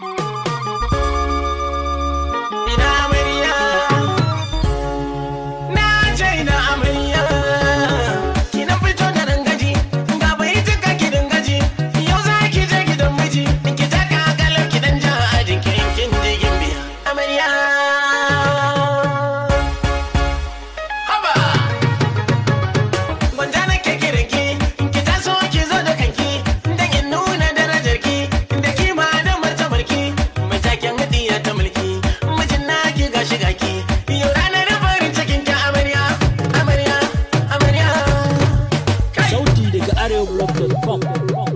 Música 我，o l l up t h